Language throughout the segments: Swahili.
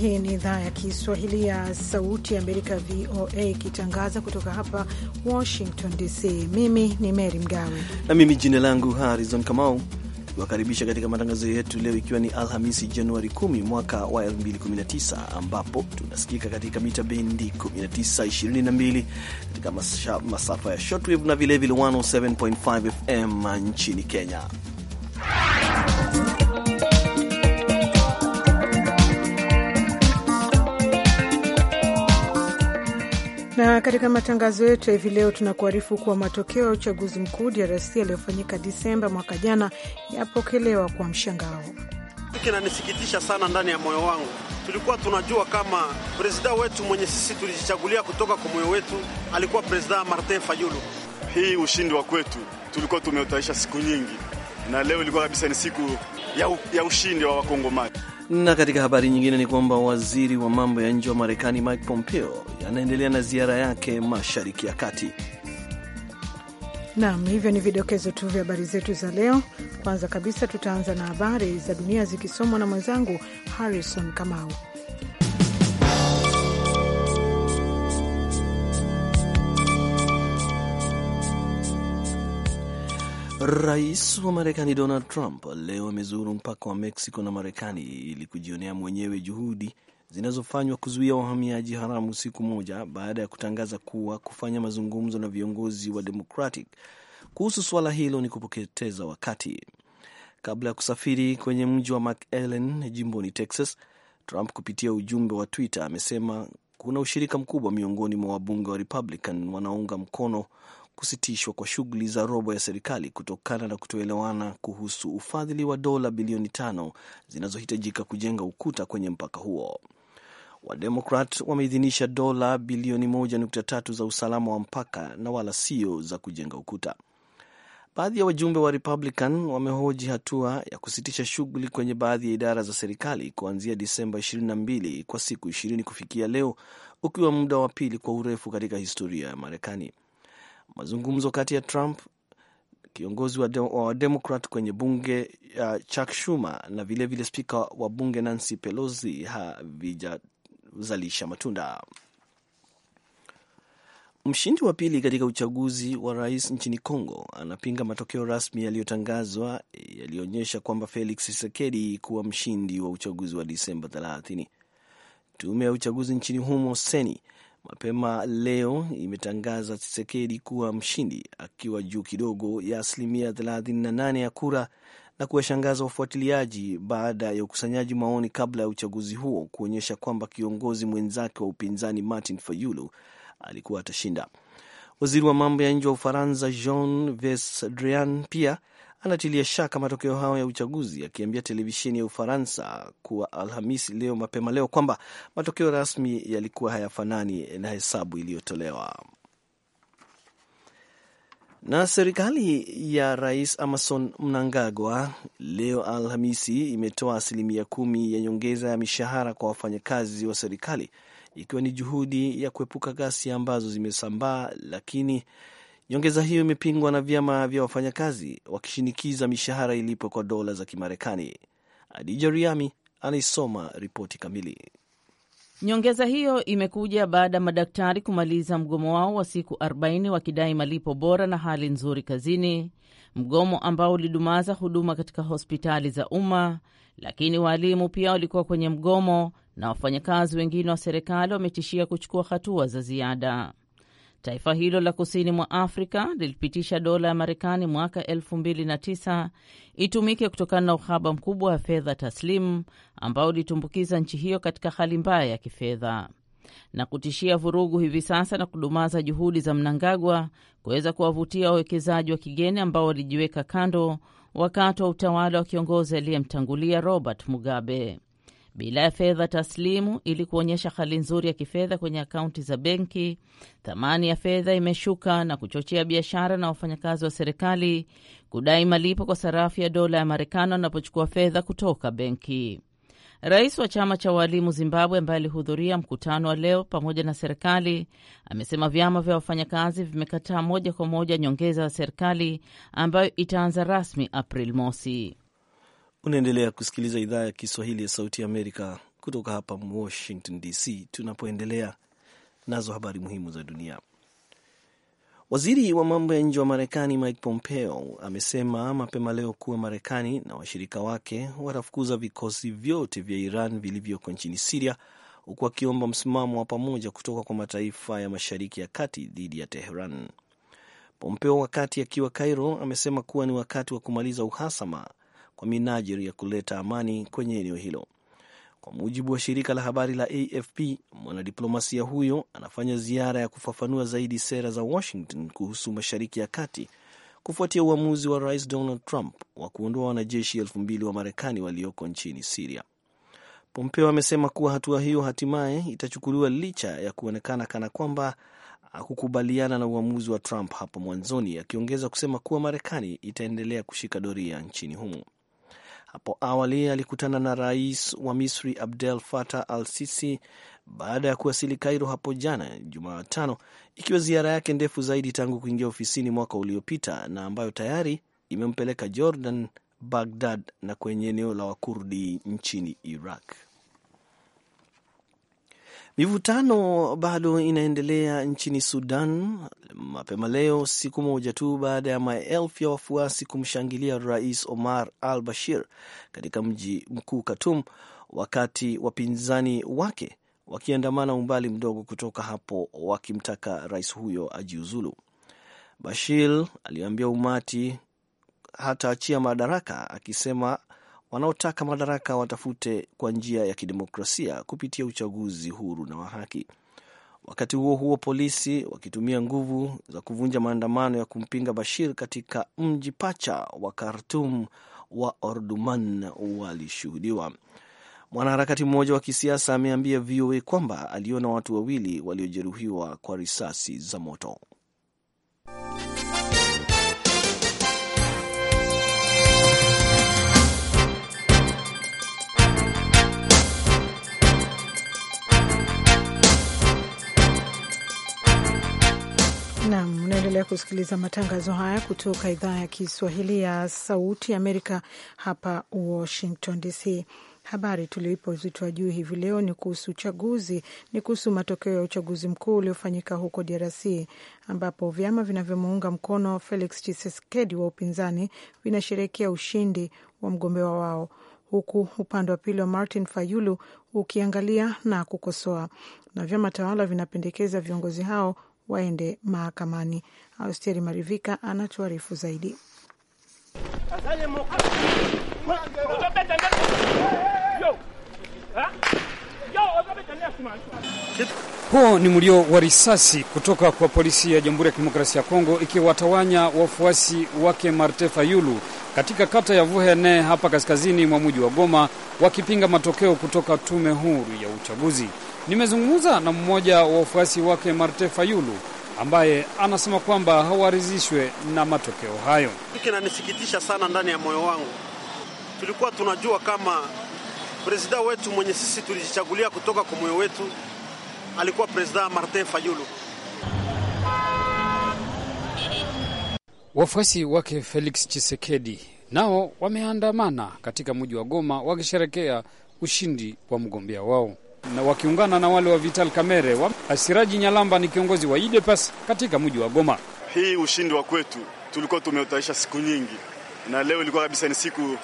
Hii ni idhaa ya Kiswahili ya Sauti ya Amerika, VOA, ikitangaza kutoka hapa Washington DC. Mimi ni Mary Mgawe na mimi jina langu Harrison Kamau, tukiwakaribisha katika matangazo yetu leo, ikiwa ni Alhamisi Januari 10 mwaka wa 2019, ambapo tunasikika katika mita bendi 1922 katika masafa ya shortwave na vilevile 107.5 FM nchini Kenya. Na katika matangazo yetu hivi leo tunakuarifu kuwa matokeo ya uchaguzi mkuu DRC yaliyofanyika Disemba mwaka jana yapokelewa kwa mshangao. Kinanisikitisha sana ndani ya moyo wangu. Tulikuwa tunajua kama presida wetu mwenye sisi tulijichagulia kutoka kwa moyo wetu alikuwa presida Martin Fayulu. Hii ushindi wa kwetu tulikuwa tumeutaisha siku nyingi, na leo ilikuwa kabisa ni siku ya, ya ushindi wa Wakongomani. Na katika habari nyingine ni kwamba waziri wa mambo ya nje wa Marekani Mike Pompeo anaendelea na ziara yake Mashariki ya Kati. Naam, hivyo ni vidokezo tu vya habari zetu za leo. Kwanza kabisa tutaanza na habari za dunia zikisomwa na mwenzangu Harrison Kamau. Rais wa Marekani Donald Trump leo amezuru mpaka wa Mexico na Marekani ili kujionea mwenyewe juhudi zinazofanywa kuzuia wahamiaji haramu, siku moja baada ya kutangaza kuwa kufanya mazungumzo na viongozi wa Democratic kuhusu suala hilo ni kupoketeza wakati. Kabla ya kusafiri kwenye mji wa McAllen jimboni Texas, Trump kupitia ujumbe wa Twitter amesema kuna ushirika mkubwa miongoni mwa wabunge wa Republican wanaounga mkono kusitishwa kwa shughuli za robo ya serikali kutokana na kutoelewana kuhusu ufadhili wa dola bilioni tano zinazohitajika kujenga ukuta kwenye mpaka huo. Wademokrat wameidhinisha dola bilioni 1.3 za usalama wa mpaka na wala sio za kujenga ukuta. Baadhi ya wajumbe wa Republican wamehoji hatua ya kusitisha shughuli kwenye baadhi ya idara za serikali kuanzia Disemba 22 kwa siku 20 kufikia leo, ukiwa muda wa pili kwa urefu katika historia ya Marekani. Mazungumzo kati ya Trump, kiongozi wa, de, wa Demokrat kwenye bunge uh, Chuck Schumer na vilevile spika wa bunge Nancy Pelosi havijazalisha matunda. Mshindi wa pili katika uchaguzi wa rais nchini Congo anapinga matokeo rasmi yaliyotangazwa yaliyoonyesha kwamba Felix Tshisekedi kuwa mshindi wa uchaguzi wa Disemba 30. Tume ya uchaguzi nchini humo Seni mapema leo imetangaza chisekedi kuwa mshindi akiwa juu kidogo ya asilimia 38 ya kura na kuwashangaza wafuatiliaji baada ya ukusanyaji maoni kabla ya uchaguzi huo kuonyesha kwamba kiongozi mwenzake wa upinzani Martin Fayulu alikuwa atashinda. Waziri wa mambo ya nje wa Ufaransa Jean vesdrian Drian pia anatilia shaka matokeo hayo ya uchaguzi, akiambia televisheni ya Ufaransa kuwa Alhamisi leo mapema leo kwamba matokeo rasmi yalikuwa hayafanani na hesabu iliyotolewa na serikali ya Rais Emmerson Mnangagwa leo Alhamisi imetoa asilimia kumi ya nyongeza ya mishahara kwa wafanyakazi wa serikali ikiwa ni juhudi ya kuepuka ghasia ambazo zimesambaa lakini Nyongeza hiyo imepingwa na vyama vya wafanyakazi wakishinikiza mishahara ilipwe kwa dola za Kimarekani. Adija Riami anaisoma ripoti kamili. Nyongeza hiyo imekuja baada ya madaktari kumaliza mgomo wao wa siku 40 wakidai malipo bora na hali nzuri kazini, mgomo ambao ulidumaza huduma katika hospitali za umma. Lakini waalimu pia walikuwa kwenye mgomo na wafanyakazi wengine wa serikali wametishia kuchukua hatua za ziada. Taifa hilo la kusini mwa Afrika lilipitisha dola ya Marekani mwaka 2009 itumike kutokana na uhaba mkubwa wa fedha taslimu ambao ulitumbukiza nchi hiyo katika hali mbaya ya kifedha na kutishia vurugu hivi sasa na kudumaza juhudi za Mnangagwa kuweza kuwavutia wawekezaji wa kigeni ambao walijiweka kando wakati wa utawala wa kiongozi aliyemtangulia Robert Mugabe bila ya fedha taslimu ili kuonyesha hali nzuri ya kifedha kwenye akaunti za benki. Thamani ya fedha imeshuka na kuchochea biashara na wafanyakazi wa serikali kudai malipo kwa sarafu ya dola ya Marekani wanapochukua fedha kutoka benki. Rais wa chama cha waalimu Zimbabwe ambaye alihudhuria mkutano wa leo pamoja na serikali amesema vyama vya wafanyakazi vimekataa moja kwa moja nyongeza ya serikali ambayo itaanza rasmi april mosi. Unaendelea kusikiliza idhaa ya Kiswahili ya Sauti ya Amerika kutoka hapa Washington DC, tunapoendelea nazo habari muhimu za dunia. Waziri wa mambo ya nje wa Marekani Mike Pompeo amesema mapema leo kuwa Marekani na washirika wake watafukuza vikosi vyote vya Iran vilivyoko nchini Siria, huku akiomba msimamo wa pamoja kutoka kwa mataifa ya Mashariki ya Kati dhidi ya Teheran. Pompeo wakati akiwa Cairo amesema kuwa ni wakati wa kumaliza uhasama kwa minajili ya kuleta amani kwenye eneo hilo. Kwa mujibu wa shirika la habari la AFP, mwanadiplomasia huyo anafanya ziara ya kufafanua zaidi sera za Washington kuhusu Mashariki ya Kati kufuatia uamuzi wa Rais Donald Trump wa kuondoa wanajeshi elfu mbili wa Marekani walioko nchini Siria. Pompeo amesema kuwa hatua hiyo hatimaye itachukuliwa licha ya kuonekana kana kwamba hakukubaliana na uamuzi wa Trump hapo mwanzoni, akiongeza kusema kuwa Marekani itaendelea kushika doria nchini humo. Hapo awali alikutana na rais wa Misri Abdel Fattah al Sisi baada ya kuwasili Kairo hapo jana Jumatano, ikiwa ziara yake ndefu zaidi tangu kuingia ofisini mwaka uliopita na ambayo tayari imempeleka Jordan, Baghdad na kwenye eneo la Wakurdi nchini Iraq. Mivutano bado inaendelea nchini Sudan mapema leo, siku moja tu baada ya maelfu ya wafuasi kumshangilia Rais Omar al Bashir katika mji mkuu Khartoum, wakati wapinzani wake wakiandamana umbali mdogo kutoka hapo wakimtaka rais huyo ajiuzulu. Bashir aliambia umati hataachia madaraka, akisema wanaotaka madaraka watafute kwa njia ya kidemokrasia kupitia uchaguzi huru na wa haki. Wakati huo huo, polisi wakitumia nguvu za kuvunja maandamano ya kumpinga Bashir katika mji pacha wa Khartum wa Orduman walishuhudiwa. Mwanaharakati mmoja wa kisiasa ameambia VOA kwamba aliona watu wawili waliojeruhiwa kwa risasi za moto. Nam, unaendelea kusikiliza matangazo haya kutoka idhaa ya Kiswahili ya Sauti Amerika hapa Washington DC. Habari tulioipa uzito wa juu hivi leo ni kuhusu uchaguzi, ni kuhusu matokeo ya uchaguzi mkuu uliofanyika huko DRC ambapo vyama vinavyomuunga mkono Felix Tshisekedi wa upinzani vinasherehekea ushindi wa mgombea wa wao huku upande wa pili wa Martin Fayulu ukiangalia na kukosoa, na vyama tawala vinapendekeza viongozi hao waende mahakamani. Austeri Marivika anatuarifu zaidi. Huo ni mlio wa risasi kutoka kwa polisi ya Jamhuri ya Kidemokrasia ya Kongo ikiwatawanya wafuasi wake Marte Fayulu katika kata ya Vuhene hapa kaskazini mwa mji wa Goma wakipinga matokeo kutoka tume huru ya uchaguzi. Nimezungumza na mmoja wa wafuasi wake Marte Fayulu ambaye anasema kwamba hawaridhishwe na matokeo hayo. Kinanisikitisha sana ndani ya moyo wangu. Tulikuwa tunajua kama prezida wetu mwenye sisi tulijichagulia kutoka kwa moyo wetu alikuwa prezida Martin Fayulu. Wafuasi wake Felix Chisekedi nao wameandamana katika mji wa Goma wakisherekea ushindi wa mgombea wao na wakiungana na wale wa Vital Kamerhe. Asiraji Nyalamba ni kiongozi wa UDPS e katika mji wa Goma. Hii ushindi wa kwetu tulikuwa tumeutaisha siku nyingi, na leo ilikuwa kabisa ni siku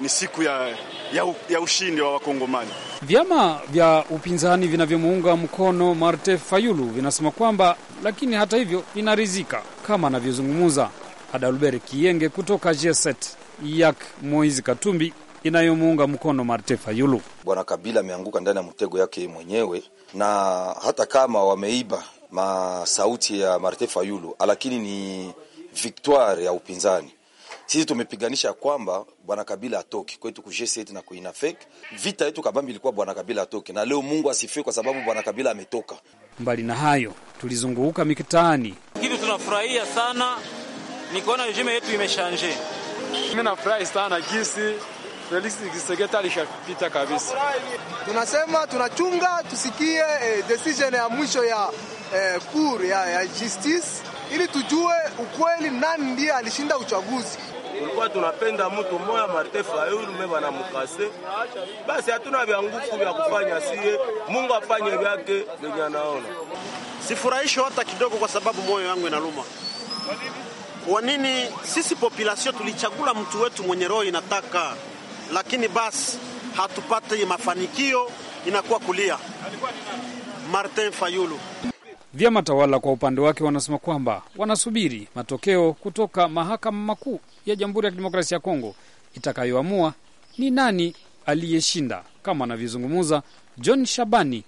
ni siku ya, ya, ya ushindi wa Wakongomani. Vyama vya upinzani vinavyomuunga mkono marte Fayulu vinasema kwamba, lakini hata hivyo inarizika kama anavyozungumza Adalbert Kiyenge kutoka G7 yak Moizi Katumbi inayomuunga mkono Martin Fayulu. Bwana Kabila ameanguka ndani ya mtego yake mwenyewe, na hata kama wameiba masauti ya marte Fayulu, lakini ni victoire ya upinzani. Sisi tumepiganisha kwamba bwana Kabila atoke kwetu ku G7 na ku INAFEC. Vita yetu kabambi ilikuwa bwana Kabila atoke, na leo Mungu asifiwe kwa sababu bwana Kabila ametoka. Mbali na hayo, tulizunguka mikitani. Kitu tunafurahia sana ni kuona regime yetu imeshanje. Mimi nafurahi sana kisi Felix Tshisekedi alishapita kabisa. Tunasema tunachunga tusikie eh, decision ya mwisho ya eh, cour ya, ya justice ili tujue ukweli nani ndiye alishinda uchaguzi. Tulikuwa tunapenda mtu moya Martin Fayulu mimi bana mukase. Basi hatuna vya nguvu vya kufanya sie, Mungu afanye vyake venye anaona. Sifurahishwe hata kidogo kwa sababu moyo wangu inaluma. Kwa nini sisi population tulichagula mtu wetu mwenye roho inataka lakini basi hatupati mafanikio, inakuwa kulia. Martin Fayulu. Vyama tawala kwa upande wake wanasema kwamba wanasubiri matokeo kutoka mahakama makuu ya Jamhuri ya Kidemokrasia ya Kongo itakayoamua ni nani aliyeshinda, kama anavyozungumza John Shabani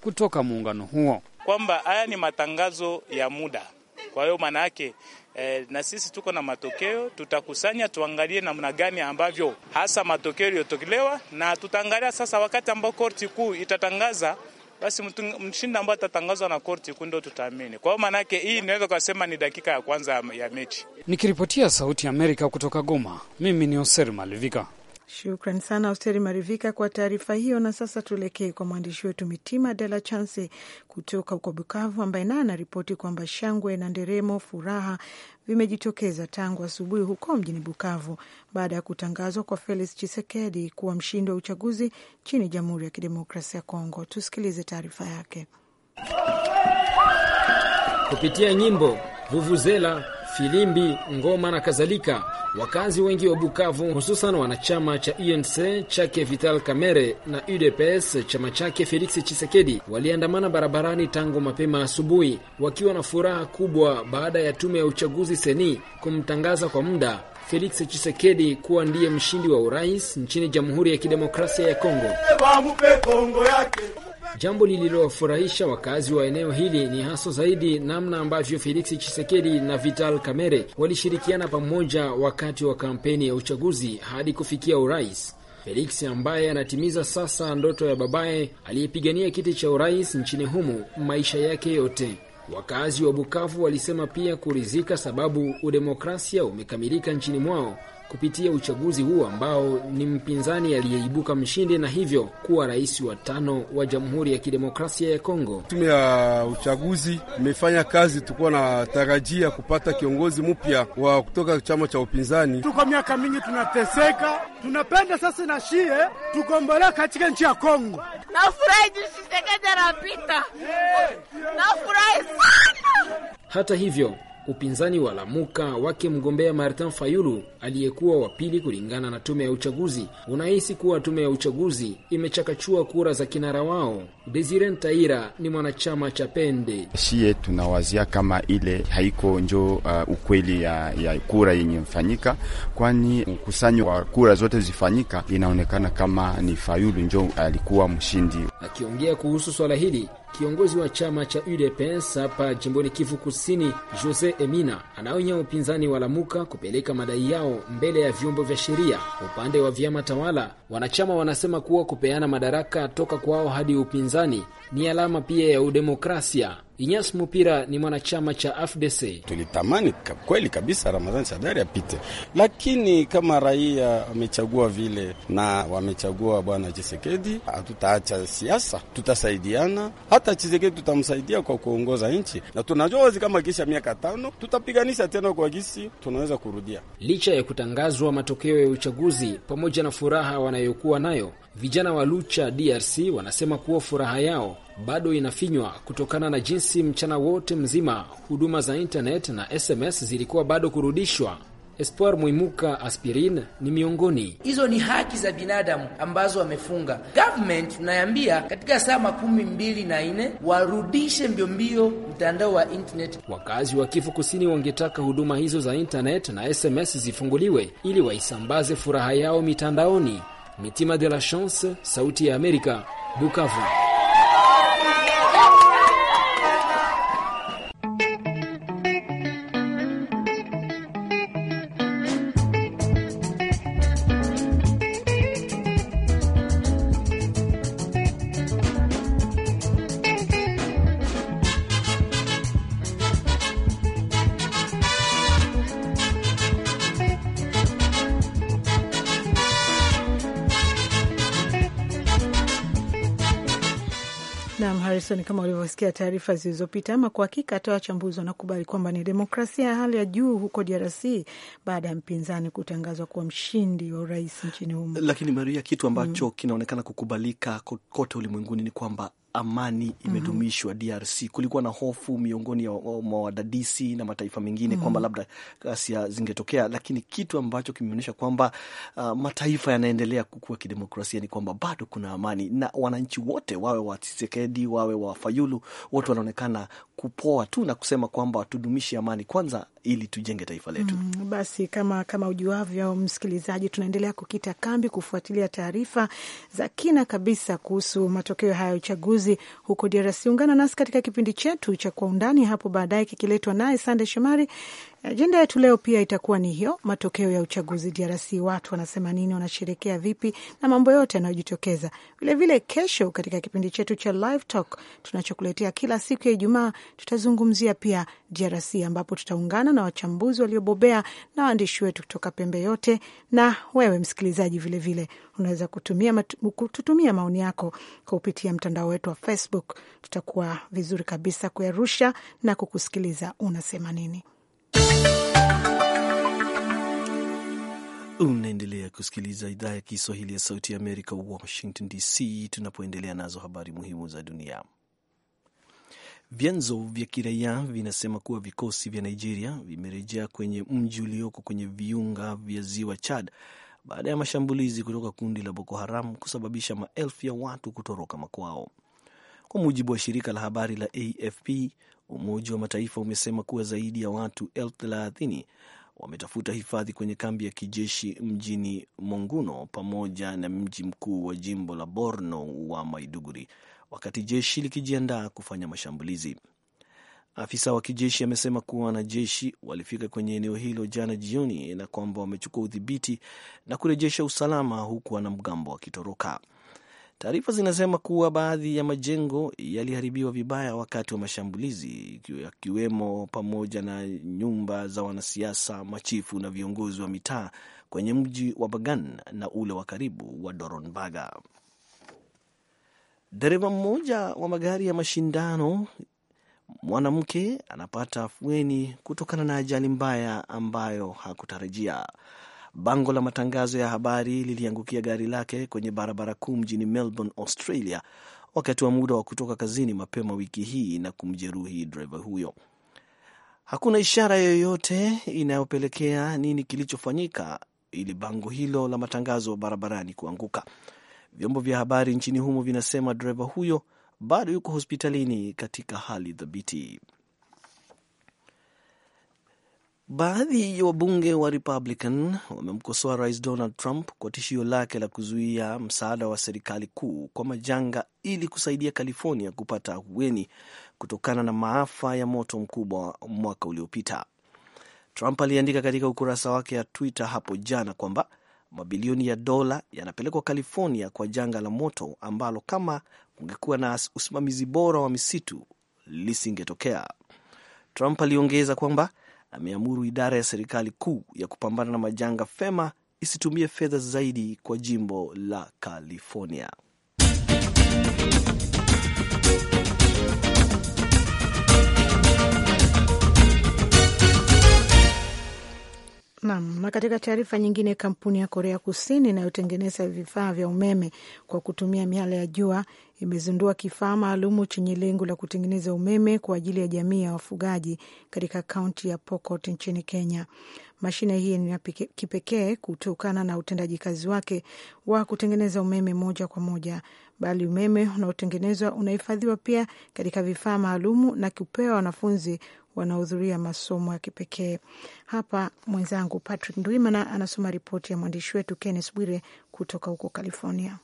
kutoka muungano huo, kwamba haya ni matangazo ya muda. Kwa hiyo maana yake E, na sisi tuko na matokeo, tutakusanya tuangalie namna gani ambavyo hasa matokeo yaliyotolewa, na tutaangalia sasa wakati ambao korti kuu itatangaza basi mshindi ambaye atatangazwa na korti kuu ndio tutaamini. Kwa hiyo maanake hii inaweza kusema ni dakika ya kwanza ya mechi. Nikiripotia Sauti ya Amerika kutoka Goma, mimi ni Oser Malivika. Shukran sana Austeri Marivika kwa taarifa hiyo. Na sasa tuelekee kwa mwandishi wetu Mitima De La Chance kutoka huko Bukavu, ambaye naye anaripoti kwamba shangwe na nderemo, furaha vimejitokeza tangu asubuhi huko mjini Bukavu baada ya kutangazwa kwa Felix chisekedi kuwa mshindi wa uchaguzi nchini Jamhuri ya Kidemokrasia ya Kongo. Tusikilize taarifa yake kupitia nyimbo vuvuzela filimbi, ngoma na kadhalika. Wakazi wengi wa Bukavu, hususan wanachama cha UNC e chake Vital Kamere na UDPS chama chake Felix Chisekedi, waliandamana barabarani tangu mapema asubuhi, wakiwa na furaha kubwa baada ya tume ya uchaguzi seni kumtangaza kwa muda Felix Chisekedi kuwa ndiye mshindi wa urais nchini Jamhuri ya Kidemokrasia ya Kongo. Jambo lililofurahisha wakazi wa eneo hili ni haswa zaidi namna ambavyo Felix chisekedi na Vital Kamerhe walishirikiana pamoja wakati wa kampeni ya uchaguzi hadi kufikia urais. Felix ambaye anatimiza sasa ndoto ya babaye aliyepigania kiti cha urais nchini humo maisha yake yote. Wakazi wa Bukavu walisema pia kuridhika sababu udemokrasia umekamilika nchini mwao kupitia uchaguzi huo ambao ni mpinzani aliyeibuka mshindi na hivyo kuwa rais wa tano wa Jamhuri ya Kidemokrasia ya Kongo. Tume ya uchaguzi imefanya kazi, tukuwa na tarajia kupata kiongozi mpya wa kutoka chama cha upinzani. Tuko miaka mingi tunateseka, tunapenda sasa na shie tukombolea katika nchi ya Kongo. Nafurahi Tshisekedi napita, nafurahi sana. Hata hivyo upinzani wa Lamuka wake mgombea Martin Fayulu aliyekuwa wa pili kulingana na tume ya uchaguzi, unahisi kuwa tume ya uchaguzi imechakachua kura za kinara wao. Desire Ntaira ni mwanachama cha Pende. Shie tunawazia kama ile haiko njo uh, ukweli ya, ya kura yenye mfanyika, kwani ukusanyo wa kura zote zifanyika, inaonekana kama ni Fayulu njo alikuwa mshindi. Akiongea kuhusu swala hili Kiongozi wa chama cha UDPS hapa jimboni Kivu Kusini, Jose Emina, anaonya upinzani wa Lamuka kupeleka madai yao mbele ya vyombo vya sheria. Upande wa vyama tawala, wanachama wanasema kuwa kupeana madaraka toka kwao hadi upinzani ni alama pia ya udemokrasia. Inyas Mupira ni mwanachama cha AFDC. Tulitamani kweli kabisa Ramadhani Shadari apite, lakini kama raia wamechagua vile na wamechagua bwana Chisekedi, hatutaacha siasa, tutasaidiana. Hata Chisekedi tutamsaidia kwa kuongoza nchi, na tunajua wazi kama kisha miaka tano tutapiganisha tena kwa gisi tunaweza kurudia. Licha ya kutangazwa matokeo ya uchaguzi pamoja na furaha wanayokuwa nayo Vijana wa Lucha DRC wanasema kuwa furaha yao bado inafinywa kutokana na jinsi mchana wote mzima huduma za internet na SMS zilikuwa bado kurudishwa. Espoir Mwimuka Aspirin ni miongoni. Hizo ni haki za binadamu ambazo wamefunga government, tunayambia katika saa makumi mbili na nne warudishe mbiombio mtandao wa internet. Wakazi wa Kivu Kusini wangetaka huduma hizo za internet na SMS zifunguliwe ili waisambaze furaha yao mitandaoni. Mitima de la Chance, Sauti ya Amerika, Bukavu. Washington, kama ulivyosikia taarifa zilizopita, ama kwa hakika hata wachambuzi wanakubali kwamba ni demokrasia ya hali ya juu huko DRC baada ya mpinzani kutangazwa kuwa mshindi wa urais nchini humo. Lakini Maria, kitu ambacho mm, kinaonekana kukubalika kote ulimwenguni ni kwamba amani mhm. imedumishwa mm -hmm. DRC kulikuwa na hofu miongoni mwa wadadisi na mataifa mengine mm -hmm. kwamba labda ghasia zingetokea, lakini kitu ambacho kimeonyesha kwamba uh, mataifa yanaendelea kukua kidemokrasia ni kwamba bado kuna amani, na wananchi wote wawe wa Tshisekedi wawe wa Fayulu wote wanaonekana kupoa tu na kusema kwamba tudumishe amani kwanza ili tujenge taifa letu. Mm, basi kama kama ujuavyo msikilizaji, tunaendelea kukita kambi kufuatilia taarifa za kina kabisa kuhusu matokeo haya ya uchaguzi huko DRC. Ungana nasi katika kipindi chetu cha Kwa Undani hapo baadaye, kikiletwa naye Sande Shomari Ajenda yetu leo pia itakuwa ni hiyo, matokeo ya uchaguzi DRC, watu wanasema nini, wanasherekea vipi, na mambo yote yanayojitokeza. Vilevile kesho, katika kipindi chetu cha Live Talk tunachokuletea kila siku ya Ijumaa, tutazungumzia pia DRC, ambapo tutaungana na wachambuzi waliobobea na waandishi wetu kutoka pembe yote, na wewe msikilizaji vilevile unaweza kutumia kututumia maoni yako kupitia mtandao wetu wa Facebook. Tutakuwa vizuri kabisa kuyarusha na kukusikiliza unasema nini. Unaendelea kusikiliza idhaa ya Kiswahili ya Sauti ya Amerika, Washington DC, tunapoendelea nazo habari muhimu za dunia. Vyanzo vya kiraia vinasema kuwa vikosi vya Nigeria vimerejea kwenye mji ulioko kwenye viunga vya ziwa Chad baada ya mashambulizi kutoka kundi la Boko Haram kusababisha maelfu ya watu kutoroka makwao. Kwa mujibu wa shirika la habari la AFP, Umoja wa Mataifa umesema kuwa zaidi ya watu elfu thelathini wametafuta hifadhi kwenye kambi ya kijeshi mjini Monguno pamoja na mji mkuu wa jimbo la Borno wa Maiduguri, wakati jeshi likijiandaa kufanya mashambulizi. Afisa wa kijeshi amesema kuwa wanajeshi walifika kwenye eneo hilo jana jioni na kwamba wamechukua udhibiti na kurejesha usalama, huku wanamgambo wakitoroka. Taarifa zinasema kuwa baadhi ya majengo yaliharibiwa vibaya wakati wa mashambulizi, yakiwemo pamoja na nyumba za wanasiasa, machifu na viongozi wa mitaa kwenye mji wa Bagan na ule wa karibu wa Doronbaga. Dereva mmoja wa magari ya mashindano mwanamke anapata afueni kutokana na ajali mbaya ambayo hakutarajia. Bango la matangazo ya habari liliangukia gari lake kwenye barabara kuu mjini Melbourne, Australia, wakati wa muda wa kutoka kazini mapema wiki hii na kumjeruhi dereva huyo. Hakuna ishara yoyote inayopelekea nini kilichofanyika ili bango hilo la matangazo barabarani kuanguka. Vyombo vya habari nchini humo vinasema dereva huyo bado yuko hospitalini katika hali thabiti. Baadhi ya wabunge wa Republican wamemkosoa Rais Donald Trump kwa tishio lake la kuzuia msaada wa serikali kuu kwa majanga ili kusaidia California kupata ahueni kutokana na maafa ya moto mkubwa mwaka uliopita. Trump aliandika katika ukurasa wake ya Twitter hapo jana kwamba mabilioni ya dola yanapelekwa California kwa janga la moto ambalo kama kungekuwa na usimamizi bora wa misitu lisingetokea. Trump aliongeza kwamba ameamuru idara ya serikali kuu ya kupambana na majanga FEMA isitumie fedha zaidi kwa jimbo la California. Naam. Na katika taarifa nyingine, kampuni ya Korea Kusini inayotengeneza vifaa vya umeme kwa kutumia miale ya jua imezindua kifaa maalumu chenye lengo la kutengeneza umeme kwa ajili ya jamii ya wafugaji katika kaunti ya Pokot nchini Kenya. Mashine hii ni ya kipekee kutokana na utendaji kazi wake wa kutengeneza umeme moja kwa moja bali umeme unaotengenezwa unahifadhiwa pia katika vifaa maalumu na kupewa wanafunzi wanaohudhuria masomo ya kipekee. Hapa mwenzangu Patrick Ndwimana anasoma ripoti ya mwandishi wetu Kennes Bwire kutoka huko California.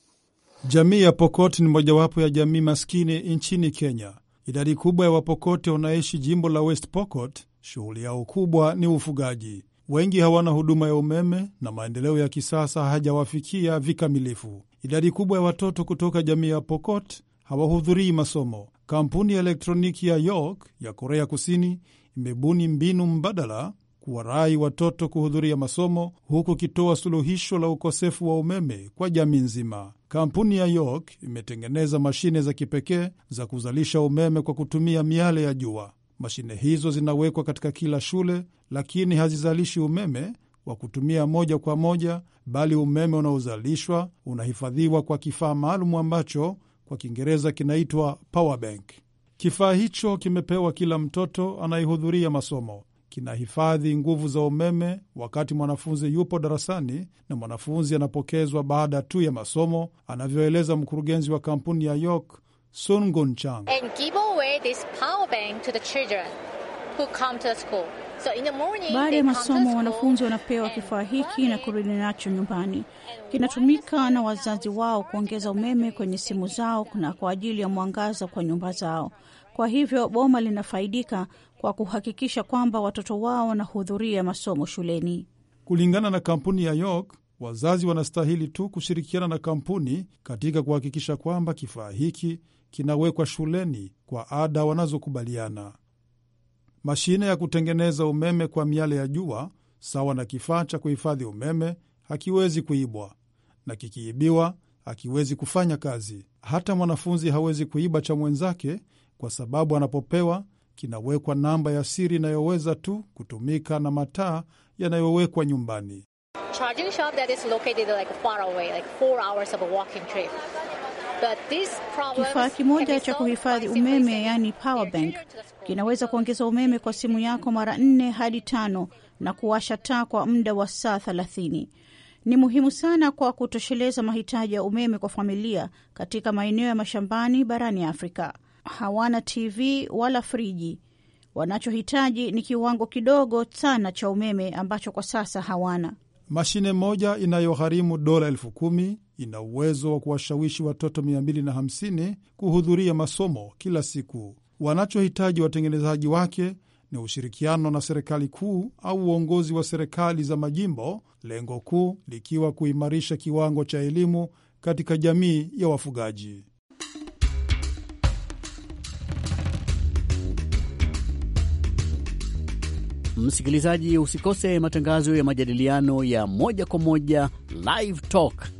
Jamii ya Pokot ni mojawapo ya jamii maskini nchini Kenya. Idadi kubwa ya Wapokote wanaishi jimbo la West Pokot. Shughuli yao kubwa ni ufugaji wengi hawana huduma ya umeme na maendeleo ya kisasa hajawafikia vikamilifu. Idadi kubwa ya watoto kutoka jamii ya Pokot hawahudhurii masomo. Kampuni ya elektroniki ya York ya Korea Kusini imebuni mbinu mbadala kuwarai watoto kuhudhuria masomo huku ikitoa suluhisho la ukosefu wa umeme kwa jamii nzima. Kampuni ya York imetengeneza mashine za kipekee za kuzalisha umeme kwa kutumia miale ya jua. Mashine hizo zinawekwa katika kila shule, lakini hazizalishi umeme wa kutumia moja kwa moja, bali umeme unaozalishwa unahifadhiwa kwa kifaa maalum ambacho kwa Kiingereza kinaitwa power bank. Kifaa hicho kimepewa kila mtoto anayehudhuria masomo. Kinahifadhi nguvu za umeme wakati mwanafunzi yupo darasani na mwanafunzi anapokezwa baada tu ya masomo, anavyoeleza mkurugenzi wa kampuni ya York Son Gonchang. And give away this power bank to the children who come to the school. So in the morning, baada ya masomo wanafunzi wanapewa kifaa hiki na kurudi nacho nyumbani. Kinatumika na wazazi wao kuongeza umeme kwenye simu zao na kwa ajili ya mwangaza kwa nyumba zao. Kwa hivyo boma linafaidika kwa kuhakikisha kwamba watoto wao wanahudhuria masomo shuleni. Kulingana na kampuni ya York, wazazi wanastahili tu kushirikiana na kampuni katika kuhakikisha kwamba kifaa hiki kinawekwa shuleni kwa ada wanazokubaliana. Mashine ya kutengeneza umeme kwa miale ya jua sawa na kifaa cha kuhifadhi umeme hakiwezi kuibwa, na kikiibiwa hakiwezi kufanya kazi. Hata mwanafunzi hawezi kuiba cha mwenzake, kwa sababu anapopewa kinawekwa namba ya siri inayoweza tu kutumika na mataa yanayowekwa nyumbani. Like like Kifaa kimoja cha kuhifadhi umeme, yani power bank, kinaweza kuongeza umeme kwa simu yako mara nne hadi tano na kuwasha taa kwa muda wa saa thelathini. Ni muhimu sana kwa kutosheleza mahitaji ya umeme kwa familia katika maeneo ya mashambani barani Afrika. Hawana TV wala friji. Wanachohitaji ni kiwango kidogo sana cha umeme ambacho kwa sasa hawana. Mashine moja inayogharimu dola elfu kumi ina uwezo wa kuwashawishi watoto 250 kuhudhuria masomo kila siku. Wanachohitaji watengenezaji wake ni ushirikiano na serikali kuu au uongozi wa serikali za majimbo, lengo kuu likiwa kuimarisha kiwango cha elimu katika jamii ya wafugaji. Msikilizaji, usikose matangazo ya majadiliano ya moja kwa moja Live Talk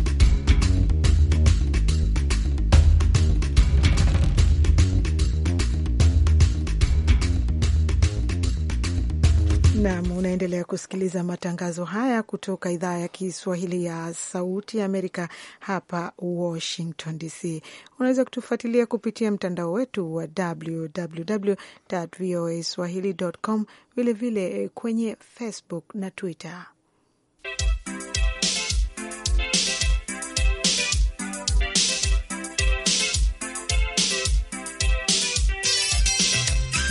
Nam, unaendelea kusikiliza matangazo haya kutoka idhaa ya Kiswahili ya Sauti ya Amerika hapa Washington DC. Unaweza kutufuatilia kupitia mtandao wetu wa www voa swahili com, vilevile kwenye Facebook na Twitter.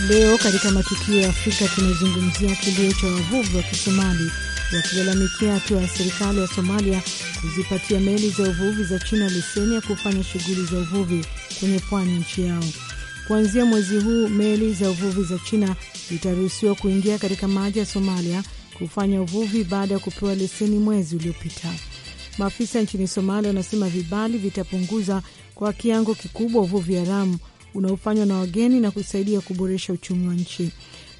Leo katika matukio ya Afrika tunazungumzia kilio cha wavuvi wa Kisomali wakilalamikia hatua ya serikali ya Somalia kuzipatia meli za uvuvi za China leseni ya kufanya shughuli za uvuvi kwenye pwani nchi yao. Kuanzia mwezi huu, meli za uvuvi za China zitaruhusiwa kuingia katika maji ya Somalia kufanya uvuvi baada ya kupewa leseni mwezi uliopita. Maafisa nchini Somalia wanasema vibali vitapunguza kwa kiango kikubwa uvuvi haramu unaofanywa na wageni na kusaidia kuboresha uchumi wa nchi.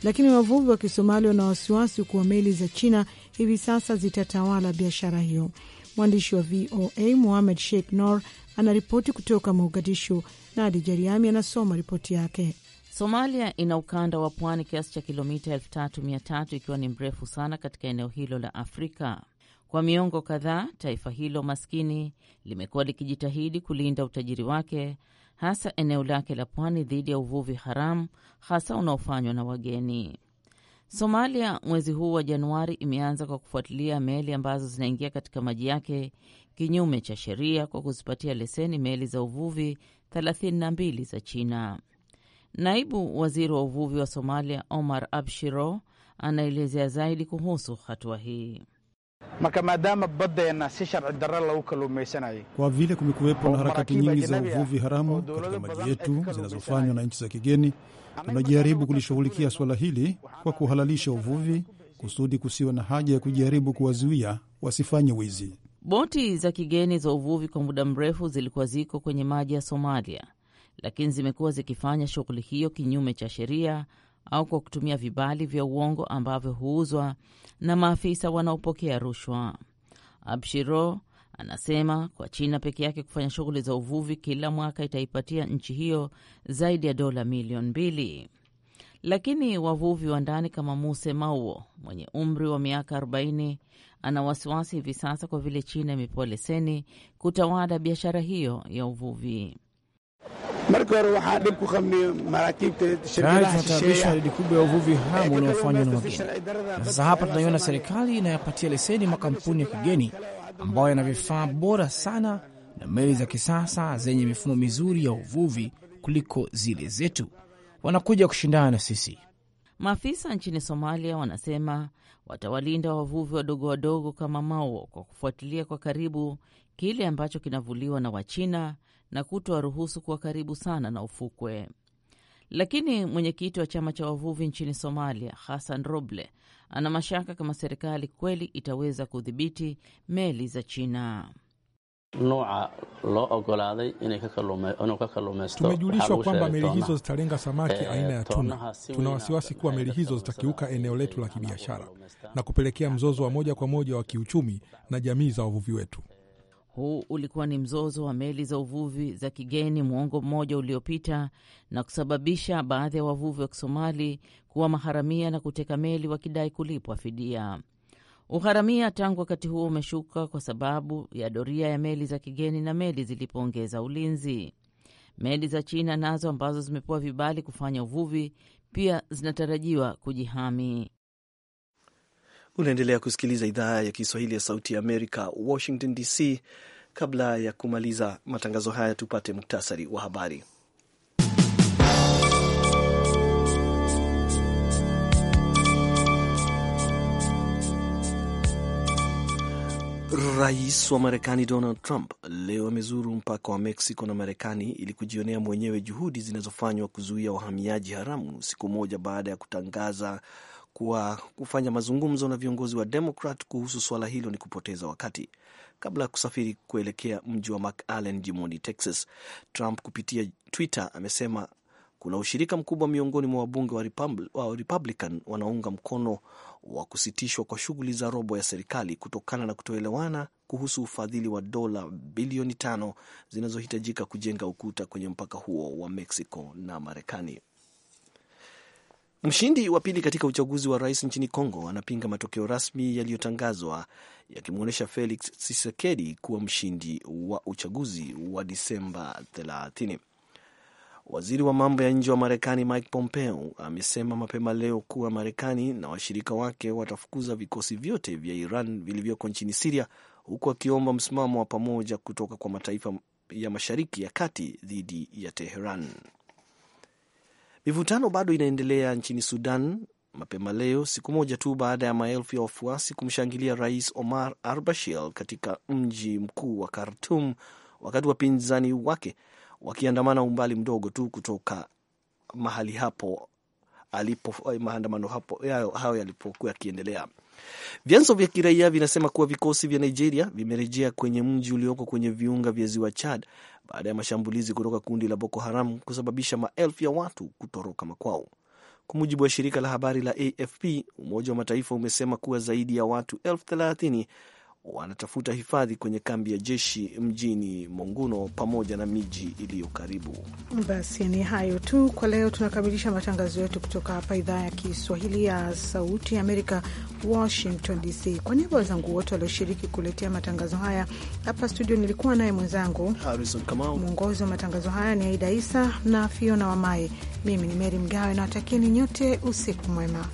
Lakini wavuvi wa Kisomali wana wasiwasi kuwa meli za China hivi sasa zitatawala biashara hiyo. Mwandishi wa VOA Muhamed Sheikh Nor anaripoti kutoka Mogadishu na Adi Jariami anasoma ripoti yake. Somalia ina ukanda wa pwani kiasi cha kilomita 3300 ikiwa ni mrefu sana katika eneo hilo la Afrika. Kwa miongo kadhaa, taifa hilo maskini limekuwa likijitahidi kulinda utajiri wake hasa eneo lake la pwani dhidi ya uvuvi haramu hasa unaofanywa na wageni. Somalia mwezi huu wa Januari imeanza kwa kufuatilia meli ambazo zinaingia katika maji yake kinyume cha sheria kwa kuzipatia leseni meli za uvuvi 32 za China. Naibu waziri wa uvuvi wa Somalia Omar Abshiro anaelezea zaidi kuhusu hatua hii marka maadaama baddeena si sharci darra lagu kaluumaysanayo kwa vile kumekuwepo na harakati nyingi za uvuvi haramu katika maji yetu zinazofanywa na nchi za kigeni, tunajaribu kulishughulikia suala hili kwa kuhalalisha uvuvi kusudi kusiwe na haja ya kujaribu kuwazuia wasifanye wizi. Boti za kigeni za uvuvi kwa muda mrefu zilikuwa ziko kwenye maji ya Somalia, lakini zimekuwa zikifanya shughuli hiyo kinyume cha sheria au kwa kutumia vibali vya uongo ambavyo huuzwa na maafisa wanaopokea rushwa. Abshiro anasema kwa China peke yake kufanya shughuli za uvuvi kila mwaka itaipatia nchi hiyo zaidi ya dola milioni mbili. Lakini wavuvi wa ndani kama Muse Mauo mwenye umri wa miaka 40 ana wasiwasi hivi sasa kwa vile China imepewa leseni kutawada biashara hiyo ya uvuvi. Marka hore waxaa dhib ku qabnay maraakiibta shirkadaha shisheeya idadi kubwa ya uvuvi haramu eh, unaofanywa na wageni. sasa hapa tunaiona serikali inayapatia leseni makampuni ya kigeni ambayo yana vifaa bora sana na meli za kisasa zenye mifumo mizuri ya uvuvi kuliko zile zetu, wanakuja kushindana na sisi. Maafisa nchini Somalia wanasema watawalinda wavuvi wadogo wadogo kama Mao kwa kufuatilia kwa karibu kile ambacho kinavuliwa na Wachina na kutowaruhusu kuwa karibu sana na ufukwe. Lakini mwenyekiti wa chama cha wavuvi nchini Somalia, Hassan Roble, ana mashaka kama serikali kweli itaweza kudhibiti meli za China. Tumejulishwa kwamba meli hizo zitalenga samaki eh, aina ya tuna. Tuna wasiwasi kuwa meli hizo zitakiuka eneo letu la kibiashara na kupelekea mzozo wa moja kwa moja wa kiuchumi na jamii za wavuvi wetu. Huu ulikuwa ni mzozo wa meli za uvuvi za kigeni mwongo mmoja uliopita na kusababisha baadhi ya wavuvi wa Kisomali kuwa maharamia na kuteka meli wakidai kulipwa fidia. Uharamia tangu wakati huo umeshuka kwa sababu ya doria ya meli za kigeni na meli zilipoongeza ulinzi. Meli za China nazo ambazo zimepewa vibali kufanya uvuvi pia zinatarajiwa kujihami. Unaendelea kusikiliza idhaa ya Kiswahili ya Sauti ya Amerika, Washington DC. Kabla ya kumaliza matangazo haya, tupate muktasari wa habari. Rais wa Marekani Donald Trump leo amezuru mpaka wa Mexico na Marekani ili kujionea mwenyewe juhudi zinazofanywa kuzuia wahamiaji haramu siku moja baada ya kutangaza kuwa kufanya mazungumzo na viongozi wa Demokrat kuhusu suala hilo ni kupoteza wakati. Kabla ya kusafiri kuelekea mji wa McAllen jimboni Texas, Trump kupitia Twitter amesema kuna ushirika mkubwa miongoni mwa wabunge wa, wa Republican wanaunga mkono wa kusitishwa kwa shughuli za robo ya serikali kutokana na kutoelewana kuhusu ufadhili wa dola bilioni tano zinazohitajika kujenga ukuta kwenye mpaka huo wa Mexico na Marekani. Mshindi wa pili katika uchaguzi wa rais nchini congo anapinga matokeo rasmi yaliyotangazwa yakimwonyesha Felix Tshisekedi kuwa mshindi wa uchaguzi wa Disemba 30. Waziri wa mambo ya nje wa Marekani Mike Pompeo amesema mapema leo kuwa Marekani na washirika wake watafukuza vikosi vyote vya Iran vilivyoko nchini Siria, huku akiomba msimamo wa pamoja kutoka kwa mataifa ya Mashariki ya Kati dhidi ya Teheran. Mivutano bado inaendelea nchini Sudan mapema leo, siku moja tu baada ya maelfu ya wafuasi kumshangilia Rais Omar al-Bashir katika mji mkuu wa khartum wakati wapinzani wake wakiandamana umbali mdogo tu kutoka mahali hapo alipo eh, maandamano hapo hayo yalipokuwa yakiendelea. Vyanzo vya kiraia vinasema kuwa vikosi vya Nigeria vimerejea kwenye mji ulioko kwenye viunga vya ziwa Chad baada ya mashambulizi kutoka kundi la Boko Haram kusababisha maelfu ya watu kutoroka makwao. Kwa mujibu wa shirika la habari la AFP, Umoja wa Mataifa umesema kuwa zaidi ya watu elfu thelathini wanatafuta hifadhi kwenye kambi ya jeshi mjini Monguno pamoja na miji iliyo karibu. Basi ni hayo tu kwa leo, tunakamilisha matangazo yetu kutoka hapa idhaa ya Kiswahili ya Sauti ya Amerika, Washington DC. Kwa niaba wenzangu wote walioshiriki kuletea matangazo haya hapa studio, nilikuwa naye mwenzangu Harrison Kamau. Mwongozi wa matangazo haya ni Aida Isa na Fiona Wamai. Mimi ni Meri Mgawe, nawatakieni nyote usiku mwema.